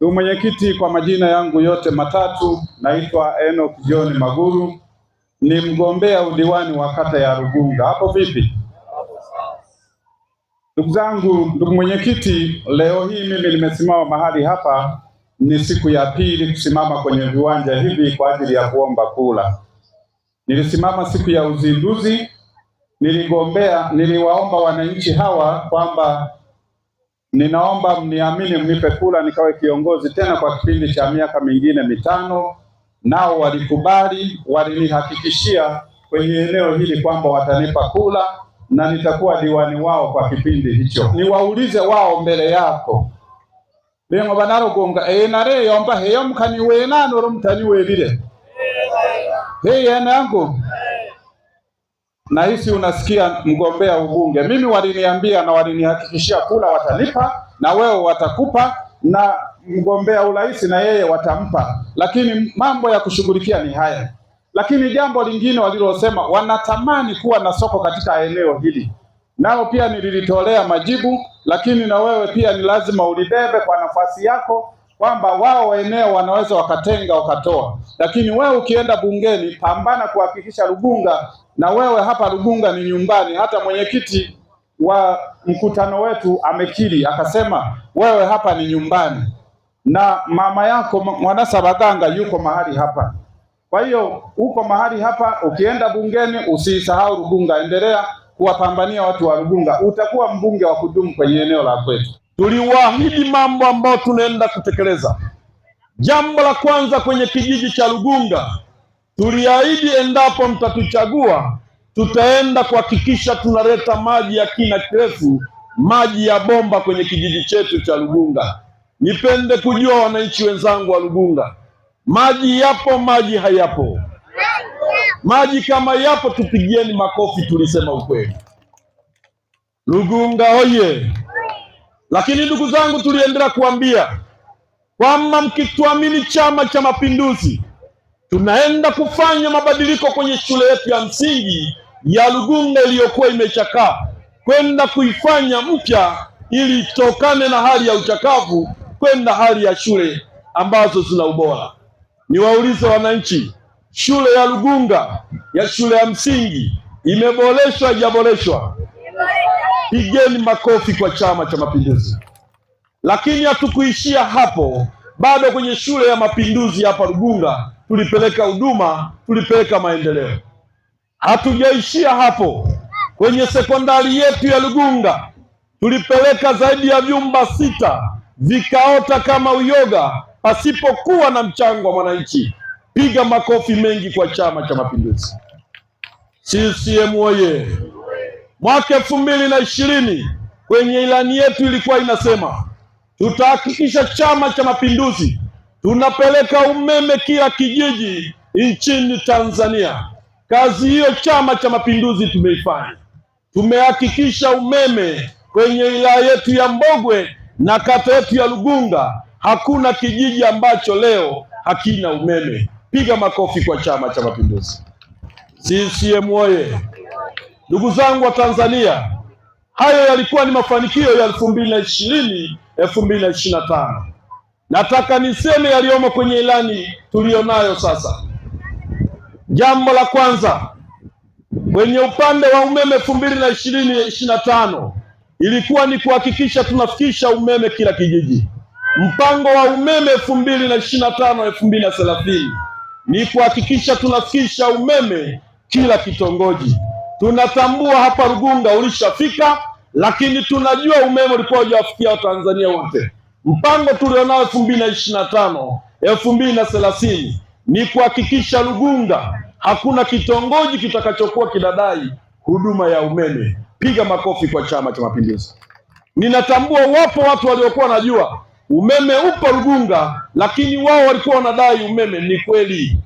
Ndugu mwenyekiti, kwa majina yangu yote matatu naitwa Enoch John Maguru, ni mgombea udiwani wa kata ya Rugunga. Hapo vipi? Ndugu zangu, ndugu mwenyekiti, leo hii mimi nimesimama mahali hapa, ni siku ya pili kusimama kwenye viwanja hivi kwa ajili ya kuomba kula. Nilisimama siku ya uzinduzi, niligombea, niliwaomba wananchi hawa kwamba Ninaomba mniamini, mnipe kula nikawe kiongozi tena kwa kipindi cha miaka mingine mitano. Nao walikubali, walinihakikishia kwenye eneo hili kwamba watanipa kula na nitakuwa diwani wao kwa kipindi hicho. Niwaulize wao mbele yako lemo banalogonga enareyomba eh, heyo eh, mkaniwenanoro mtaniwelile eh, heyenangu na hisi unasikia mgombea ubunge, mimi waliniambia na walinihakikishia kula watanipa na wewe watakupa na mgombea urais na yeye watampa, lakini mambo ya kushughulikia ni haya. Lakini jambo lingine walilosema, wanatamani kuwa na soko katika eneo hili, nao pia nililitolea majibu, lakini na wewe pia ni lazima ulibebe kwa nafasi yako kwamba wao eneo wanaweza wakatenga wakatoa, lakini wewe ukienda bungeni, pambana kuhakikisha Rugunga na wewe hapa Rugunga ni nyumbani. Hata mwenyekiti wa mkutano wetu amekiri akasema, wewe hapa ni nyumbani na mama yako Mwanasabaganga yuko mahali hapa. Kwa hiyo uko mahali hapa, ukienda bungeni usisahau Rugunga, endelea kuwapambania watu wa Rugunga, utakuwa mbunge wa kudumu kwenye eneo la kwetu. Tuliwaahidi mambo ambayo tunaenda kutekeleza. Jambo la kwanza kwenye kijiji cha Lugunga, tuliahidi endapo mtatuchagua, tutaenda kuhakikisha tunaleta maji ya kina kirefu, maji ya bomba kwenye kijiji chetu cha Lugunga. Nipende kujua wananchi wenzangu wa Lugunga, maji yapo, maji hayapo? Maji kama yapo, tupigieni makofi, tulisema ukweli. Lugunga oye! Lakini ndugu zangu, tuliendelea kuambia kwamba mkituamini Chama cha Mapinduzi, tunaenda kufanya mabadiliko kwenye shule yetu ya msingi ya Lugunga iliyokuwa imechakaa kwenda kuifanya mpya ili itokane na hali ya uchakavu kwenda hali ya shule ambazo zina ubora. Niwaulize wananchi, shule ya Lugunga ya shule ya msingi imeboreshwa, haijaboreshwa? Pigeni makofi kwa Chama cha Mapinduzi. Lakini hatukuishia hapo, bado kwenye shule ya mapinduzi hapa Rugunga tulipeleka huduma, tulipeleka maendeleo. Hatujaishia hapo, kwenye sekondari yetu ya Rugunga tulipeleka zaidi ya vyumba sita vikaota kama uyoga pasipokuwa na mchango wa mwananchi. Piga makofi mengi kwa Chama cha Mapinduzi. CCM oye! Mwaka elfu mbili na ishirini kwenye ilani yetu ilikuwa inasema tutahakikisha Chama cha Mapinduzi tunapeleka umeme kila kijiji nchini Tanzania. Kazi hiyo Chama cha Mapinduzi tumeifanya, tumehakikisha umeme kwenye wilaya yetu ya Mbogwe na kata yetu ya Lugunga. Hakuna kijiji ambacho leo hakina umeme. Piga makofi kwa Chama cha Mapinduzi! CCM oye! Ndugu zangu wa Tanzania, hayo yalikuwa ni mafanikio ya elfu mbili na ishirini elfu mbili na ishirini na tano. Nataka niseme yaliyomo kwenye ilani tuliyonayo sasa. Jambo la kwanza, kwenye upande wa umeme elfu mbili na ishirini ishirini na tano ilikuwa ni kuhakikisha tunafikisha umeme kila kijiji. Mpango wa umeme elfu mbili na ishirini na tano elfu mbili na thelathini ni kuhakikisha tunafikisha umeme kila kitongoji. Tunatambua hapa Rugunga ulishafika, lakini tunajua umeme ulikuwa hujawafikia Watanzania wote. Mpango tulionao elfu mbili na ishirini na tano elfu mbili na thelathini ni kuhakikisha Rugunga hakuna kitongoji kitakachokuwa kinadai huduma ya umeme. Piga makofi kwa Chama cha Mapinduzi. Ninatambua wapo watu waliokuwa wanajua umeme upo Rugunga, lakini wao walikuwa wanadai umeme. Ni kweli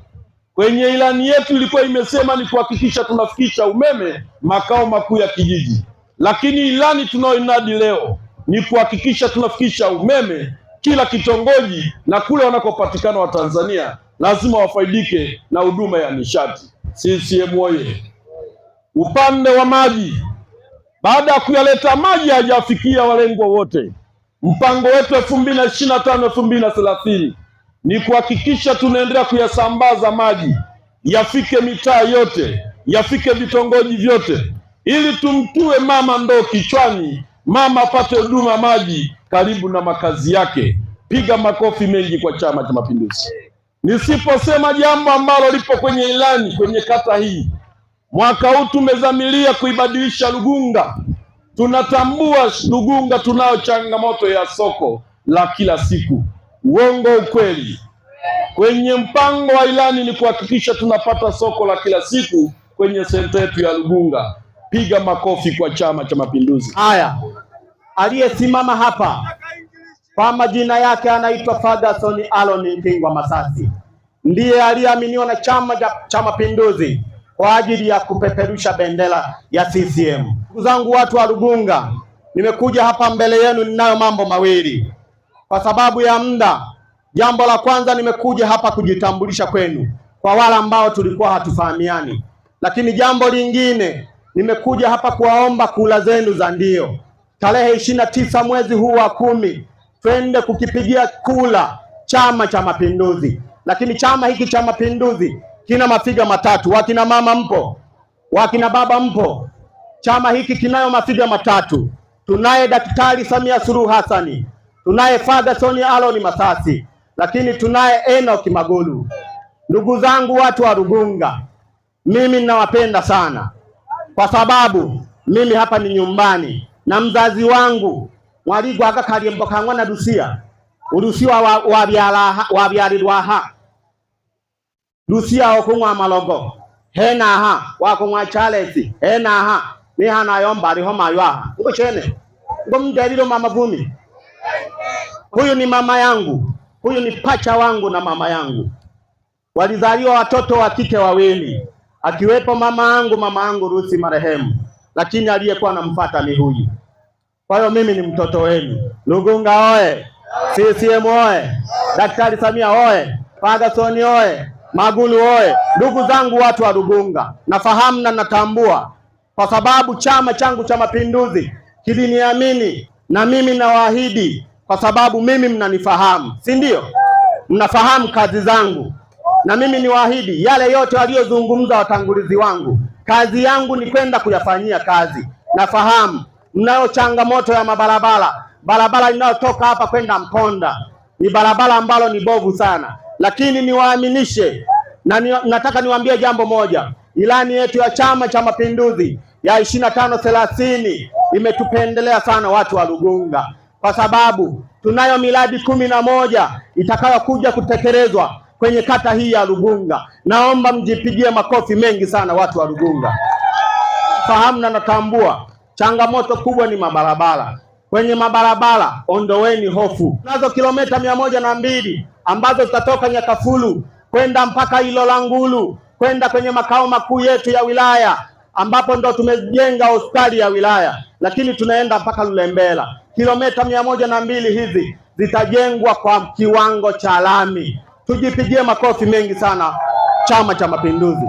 Kwenye ilani yetu ilikuwa imesema ni kuhakikisha tunafikisha umeme makao makuu ya kijiji, lakini ilani tunayoinadi leo ni kuhakikisha tunafikisha umeme kila kitongoji, na kule wanakopatikana Watanzania lazima wafaidike na huduma ya nishati. CCM oye! Upande wa maji, baada ya kuyaleta maji hajafikia walengwa wote. Mpango wetu elfu mbili na ishirini na tano elfu mbili na thelathini ni kuhakikisha tunaendelea kuyasambaza maji yafike mitaa yote, yafike vitongoji vyote, ili tumtue mama ndoo kichwani, mama apate huduma maji karibu na makazi yake. Piga makofi mengi kwa Chama cha Mapinduzi. Nisiposema jambo ambalo lipo kwenye ilani kwenye kata hii, mwaka huu tumezamilia kuibadilisha Lugunga. Tunatambua Lugunga tunayo changamoto ya soko la kila siku uongo ukweli. Kwenye mpango wa ilani ni kuhakikisha tunapata soko la kila siku kwenye senta yetu ya Lugunga. Piga makofi kwa Chama cha Mapinduzi. Haya, aliyesimama hapa kwa majina yake anaitwa Fagason Alon Mpingwa Masasi, ndiye aliyeaminiwa na Chama cha Mapinduzi kwa ajili ya kupeperusha bendera ya CCM. Ndugu zangu, watu wa Lugunga, nimekuja hapa mbele yenu, ninayo mambo mawili kwa sababu ya muda. Jambo la kwanza, nimekuja hapa kujitambulisha kwenu kwa wale ambao tulikuwa hatufahamiani, lakini jambo lingine, nimekuja hapa kuwaomba kula zenu za ndio. Tarehe ishirini na tisa mwezi huu wa kumi twende kukipigia kula Chama cha Mapinduzi. Lakini chama hiki cha Mapinduzi kina mafiga matatu. Wakina mama mpo, wakina baba mpo, chama hiki kinayo mafiga matatu. Tunaye Daktari Samia Suluhu Hassani tunaye Ferguson Aloni Masasi, lakini tunaye enoki magulu Ndugu zangu watu wa Rugunga, mimi ninawapenda sana kwa sababu mimi hapa ni nyumbani na mzazi wangu mwarigwaga kaliembokangwa na rusia urusiwa wavyalilwaha wa rusia malogo henaha wakung'wa chalesi henaha ngo chene ngo nguchene mama mamavumi Huyu ni mama yangu, huyu ni pacha wangu na mama yangu. Walizaliwa watoto wa kike wawili, akiwepo mama yangu, mama yangu Rusi marehemu, lakini aliyekuwa anamfuata ni huyu. Kwa hiyo mimi ni mtoto wenu. Lugunga oye! CCM oye! Daktari Samia oye! Fagasoni oye! Magulu oye! Ndugu zangu watu wa Lugunga, nafahamu na natambua, kwa sababu chama changu cha Mapinduzi kiliniamini na mimi nawaahidi, kwa sababu mimi mnanifahamu, si ndio? Mnafahamu kazi zangu, na mimi niwaahidi yale yote waliyozungumza watangulizi wangu, kazi yangu ni kwenda kuyafanyia kazi. Nafahamu mnayo changamoto ya mabarabara. Barabara inayotoka hapa kwenda Mponda ni barabara ambalo ni bovu sana, lakini niwaaminishe na ni, nataka niwaambie jambo moja. Ilani yetu ya Chama cha Mapinduzi ya ishirini na tano thelathini imetupendelea sana watu wa Lugunga kwa sababu tunayo miradi kumi na moja itakayokuja kutekelezwa kwenye kata hii ya Lugunga. Naomba mjipigie makofi mengi sana watu wa Lugunga. Fahamu na natambua changamoto kubwa ni mabarabara. Kwenye mabarabara ondoweni hofu. Tunazo kilomita mia moja na mbili ambazo zitatoka Nyakafulu kwenda mpaka Ilolangulu kwenda kwenye makao makuu yetu ya wilaya ambapo ndo tumejenga hospitali ya wilaya, lakini tunaenda mpaka Lulembela. Kilometa mia moja na mbili hizi zitajengwa kwa kiwango cha lami. Tujipigie makofi mengi sana Chama cha Mapinduzi.